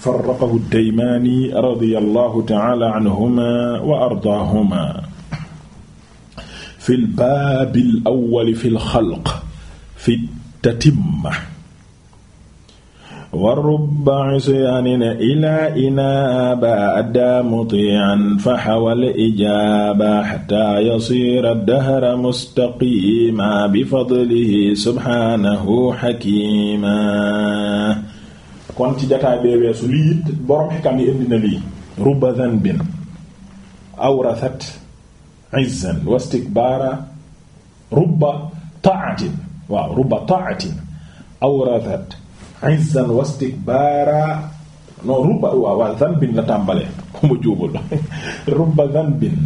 farraqahu ad-Daymaani radiyallahu ta'ala anhumaa wa ardaahumaa fi al-baab al-awwal fi al-xalq fi at-tatimma wa rubba isyaanin ilaa inaaba addaa mutii'an fa hawal ijaaba hattaa yasiira ad-dahra mustaqiima bi fadlihi subhaanahu hakiima kon ci jataay bee weesu lii it borom xikam yi indi na lii ruba dhanbin awrathat izzan wastikbaara ruba taatin waaw ruba taatin awrathat izzan wastikbaara non ruba waaw waaw dhanbin la tàmbalee ma juubul ruba dhanbin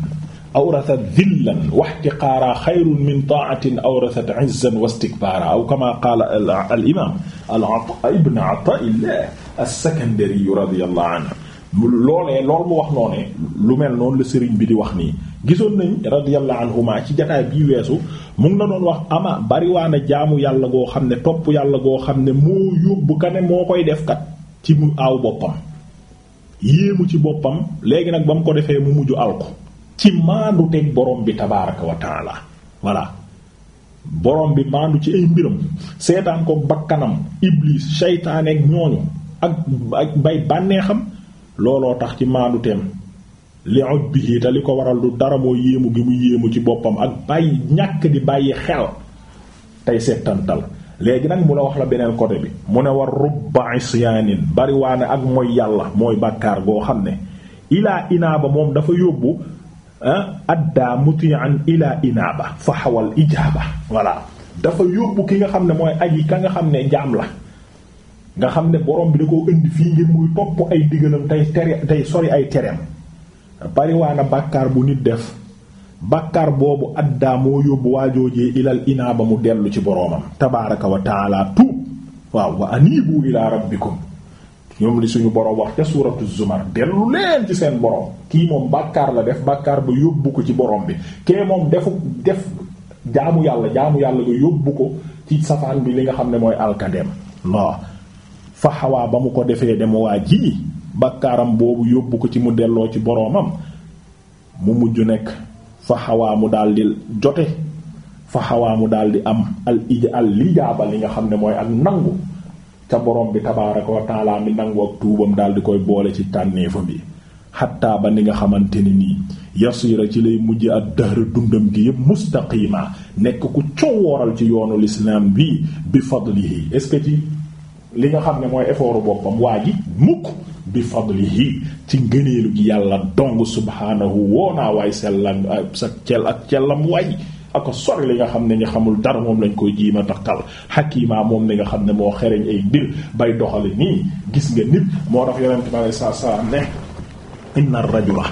awrasat dillan waxtiqaaraa xayrun min taatin awrasat izzan wa istikbaara aw kama qaala al imam al ata ibn ataillah as-sakandari radiyallahu anhu loolee lool mu wax noonee lu mel noonu la sëriñ bi di wax nii gisoon nañ radiyallahu anhuma ci jataay bii weesu mu ngi la doon wax ama bariwaana jaamu yàlla goo xam ne topp yàlla goo xam ne moo yóbbu ka ne moo koy def kat ci mu aw boppam yéemu ci boppam léegi nag ba mu ko defee mu mujj alko ci maandu teg borom bi tabaaraka wa taala voilà borom bi maandu ci ay mbiram seetaan ko bakkanam iblis seytaane ak ñooñu ak bay bànneexam looloo tax ci maandu teem li ujbihi te li ko waral du dara moo yéemu gi mu yéemu ci boppam ak bàyyi ñàkk di bàyyi xel tey seetantal léegi nag mu la wax la beneen côté bi mu ne war rubba isyaanin bariwaane ak mooy yàlla mooy bàkkaar goo xam ne ilaa inaaba moom dafa yóbbu adda muti'an ila inaaba fa xawal ijaaba voilà dafa yóbbu ki nga xam ne mooy aji ka nga xam ne jaam la nga xam ne borom bi da koo indi fii ngir muy topp ay digalam tey tere tey sori ay tereem bariwaana bàkkaar bu nit def bàkkaar boobu addaa moo yóbbu waajoojee ilal ba mu dellu ci boroomam tabaaraka wa taala tuub waaw wa aniibu ilaa rabbikum ñoom li suñu borom wax ca suuratu zumar dellu leen ci seen borom kii moom bàkkaar la def bàkkaar ba yóbbu ko ci boroom bi kee moom defu def jaamu yàlla jaamu yàlla ba yóbbu ko ci safaan bi li nga xam ne mooy alkadeem waaw fa xawaa ba mu ko defee dem waa ji bàkkaaram boobu yóbbu ko ci mu delloo ci boroomam mu mujj nekk fa xawaa mu daal di jote fa xawaa mu daal di am al ija al lijaaba li nga xam ne mooy ak nangu ca borom bi tabaaraka wa taala mi nangu ak tuubam daal di koy boole ci tànneefam yi xattaa ba ni nga xamante ni nii yasiira ci lay mujj ak dahra dundam gi yëpp mustaqima nekk ku cowooral ci yoonu lislaam bi bi fadlihi est-ce que ci li nga xam ne mooy effortu boppam waa ji mukk bi fadlihi ci ngëneelu gi yàlla dong subhaanahu woonaa waay sellam sa cel ak cellam waay ak sori li nga xam ne ñu xamul dara moom lañ koy jiima takkal xakiima moom ni nga xam ne moo xereñ ay mbir bay doxal nii gis nga nit moo tax yonent bi alei saatu salaam ne inna rajula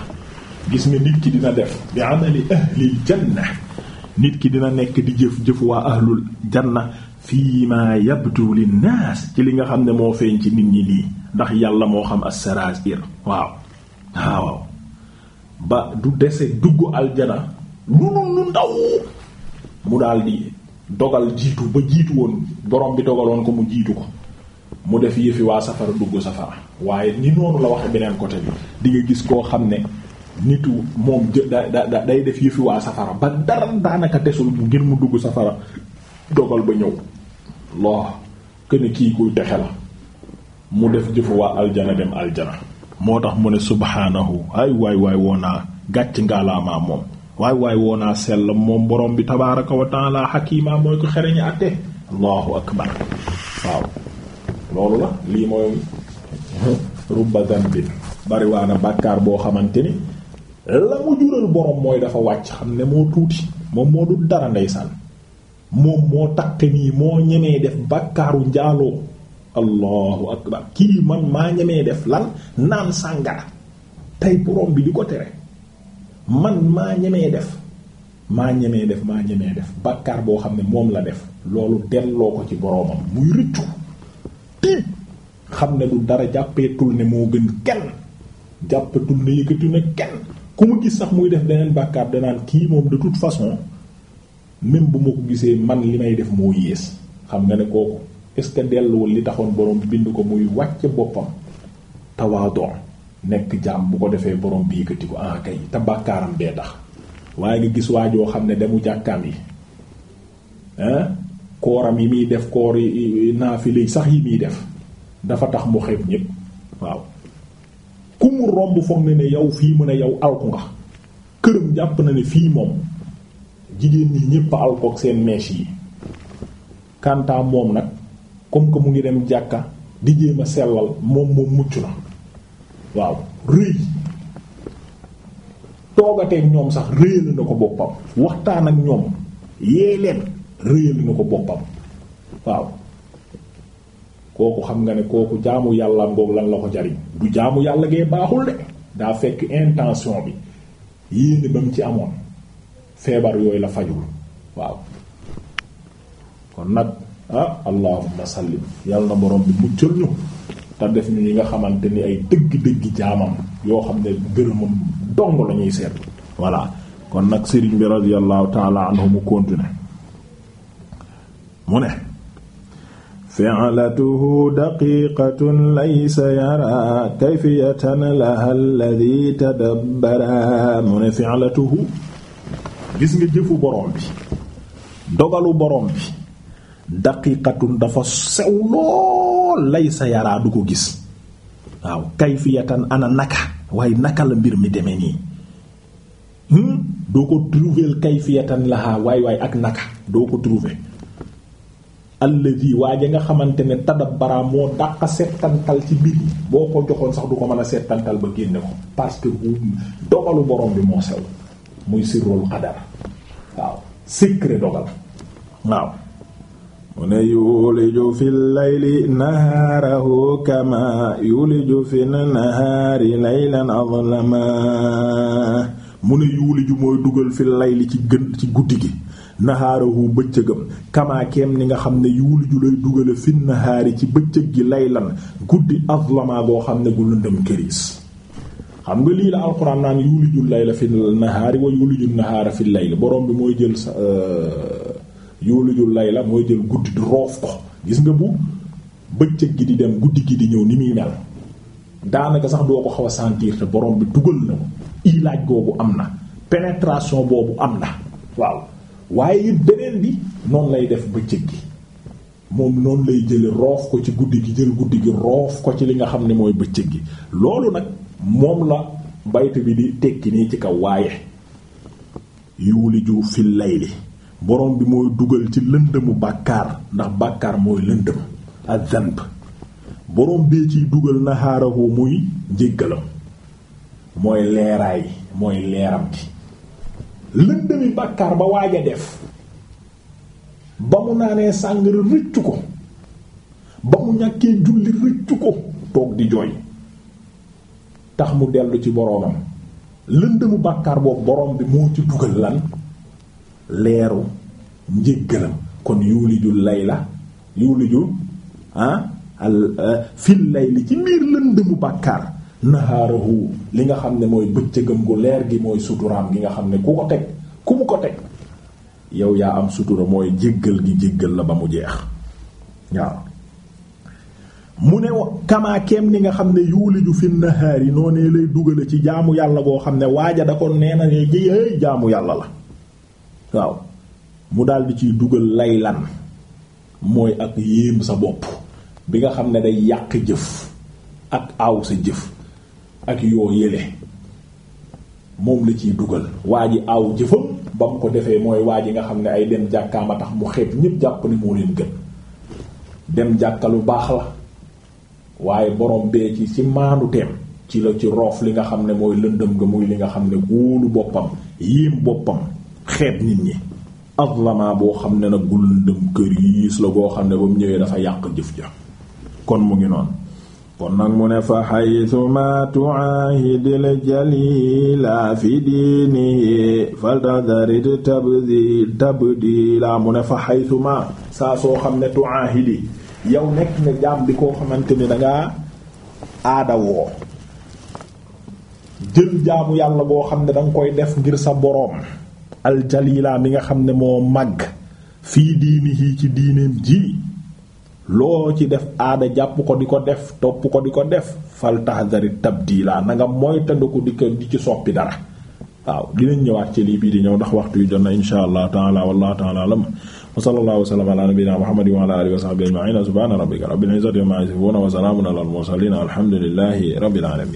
gis nga nit ki dina def bi amali ahlil janna nit ki dina nekk di jëf jëf waa ahlul janna fii ma yabdu lin naas ci li nga xam ne moo feeñ ci nit ñi lii ndax yàlla moo xam as-sarair waaw waaw ba du dese dugg aljana lu nun lu ndaw mu daal di dogal jiitu ba jiitu woon borom bi dogaloon ko mu jiitu ko mu def yëfi waa safara dugg safara waaye ni noonu la waxe beneen côté bi di gis koo xam ne nit moom day def yëfi waa safara ba dara daanaka desul ngir mu dugg safara dogal ba ñëw loo kën kii kuy texe la mu def jëfu waa aljana dem aljana moo tax mu ne subhaanahu ay waay waay naa gàcc ngaalaamaa moom waay waay woonaa sell moom borom bi tabaraka wa taala xakima mooy ko xereñi àtte allahu akbar waaw loolu la lii mooy rubba dambin bariwaana bàkkaar boo xamante ni la mu jural borom mooy dafa wàcc xam ne moo tuuti moom moo dul dara ndeysaan moom moo takk nii moo ñemee def bàkkaaru njaaloo allahu akbar kii man maa ñemee def lan naan sàngara tey borom bi di ko tere man maa ñemee def maa ñemee def maa ñemee def bàkkaar boo xam ne moom la def loolu delloo ko ci boroomam muy rëccu tiit xam ne du dara jàppeetul ne moo gën kenn jàppetul ne yëkkati na kenn ku mu gis sax muy def beneen bàkkaar danaan kii moom de toute façon même bu ma ko gisee man li may def moo yées xam nga ne kooku est ce que delluwul li taxoon boroom bind ko muy wàcc boppam tawaadoo nekk jaam bu ko defee borom bi yëkkati ko ah kay te bàkkaaram dee tax waaye nga gis waajoo xam ne demu jàkkaam yi kooram yi muy def koor yi naafile sax yi muy def dafa tax mu xeeb ñépp waaw ku mu romb foog ne ne yow fii mu ne yow alku nga këram jàpp na ne fii moom jigéen ñi ñépp alkook seen mees yi kantaa moom nag comme que mu ngi dem jàkka di jéem a sellal moom moom mucc na waaw rëy toogateeg ñoom sax rëyal na ko boppam waxtaan ak ñoom yee leen rëyal na ko boppam waaw kooku xam nga ne kooku jaamu yàlla ngoog lan la ko jariñ du jaamu yàlla gee baaxul de daa fekk intention bi yéene ba mu ci amoon feebar yooyu la fajul waaw kon nag ah allahumma sallim yàlla na borom bi muccal ñu te def nga xamante ni ay dëgg yoo xam ne gërëmam la ñuy seet voilà kon nag sëriñ bi radiyallahu taala anhu mu continue mu ne fi'latuhu daqiqatun laysa yara kayfiyatan laha alladhi tadabbara mu ne fi'latuhu gis nga jëfu borom bi dogalu borom bi daqiqatun dafa sew lool xool lay sa yaraa du ko gis waaw kayfiyatan ana naka waaye naka la mbir mi demee nii hmm? doo ko trouver kayfiyatan laha waay waay ak naka doo ko trouver alladi waaja nga xamante ne tadabbara moo dàq settantal ci mbir yi boo ko joxoon sax du ko mën a settantal ba génne ko parce que dogalu borom bi moo sew muy sirrul qadar waaw secret dogal waaw mu ne yuliju fi layli nahaarahu kama yuliju fi nahaari laylan azlama mu ne ju mooy dugal fi layli ci gën ci guddi gi nahaarahu bëccëgam kama ni nga xam ne yuliju lay dugale fi nahaari ci bëccëg gi laylan guddi azlama boo xam ne gu lëndëm këriis xam nga lii la alxuraan naan yuliju layla fi nahaari wa yuliju nahaara fi layli borom bi mooy jël sa euh, yóolujul lay la mooy jël guddi di roof ko gis nga bu bëccëg gi di dem guddi gi di ñëw ni muy mel daanaka sax doo ko xaw a sentir te borom bi dugal na ko ilaaj googu am na pénétration boobu am na waaw waaye it beneen bi noonu lay def bëccëg gi moom noonu lay jële roof ko ci guddi gi jël guddi gi roof ko ci li nga xam ne mooy bëccëg gi loolu nag moom la baytu bi di tekki nii ci kaw waaye yuuliju fil layli borom bi mooy dugal ci lëndëmu bàkkaar ndax bàkkaar mooy lëndëm azanb borom bee ciy dugal nahaarahu muy njéggalam mooy leeraay mooy leeram gi lëndëmi bàkkaar ba waaj def ba mu naanee sàngara rëccu ko ba mu ñàkkee julli rëccu ko toog di jooy tax mu dellu ci boromam lëndëmu bàkkaar boobu borom bi moo ci dugal lan leeru njéggalam kon yuulijul layla la ah eh, fil layli ci biir lëndëmu bàkkaar nahaarahu li nga xam ne mooy bëccëgam ko leer gi mooy suturaam gi nga xam ne ku ko teg ku mu ko teg yow yaa am sutura mooy jéggal gi jéggal la ba mu jeex waaw mu ne kamaakeem ni nga xam ne yuuliju fi nahaar yi noonee lay dugale ci jaamu yàlla goo xam ne waaja da ko nee na ne jaamu yàlla la waaw mu daal di ciy dugal lay lan mooy ak yéem sa bopp bi nga xam ne day yàq jëf ak aw sa jëf ak yoo yële moom la ciy dugal waa ji aw jëfam ba ko defee mooy waa ji nga xam ne ay dem jàkkaama tax mu xeeb ñépp jàpp moo leen gën dem jàkkalu baax la waaye boroom bee ci ci maanu ci la ci roof li nga xam ne mooy lëndëm nga muy li nga xam ne góolu boppam yéem boppam xeeb nit ñi azlama boo xam ne nag gundam kër la boo xam ne ba mu ñëwee dafa yàq jëf ja kon mu ngi noon kon nag mu ne fa xaytu ma tuahidil jalila laa mu ne fa xaytu saa soo xam ne tuahidi yow nekk ne jaam bi koo xamante ni dangaa aadawoo jël jaamu yàlla boo xam ne danga koy def ngir sa boroom aljalila mi nga xam ne moo màgg fii diinihi ci diineem ji loo ci def aada jàpp ko di ko def topp ko di ko def fal tahdari tabdila na nga moytandiku di ko di ci soppi dara waaw dinañ ñëwaat ci lii bii di ñëw ndax waxtu yu jot na insha allah taala wallahu taala alam wa sallallahu wa sallam ala nabiyyina muhammadin wa alhamdulillahi rabbil alamin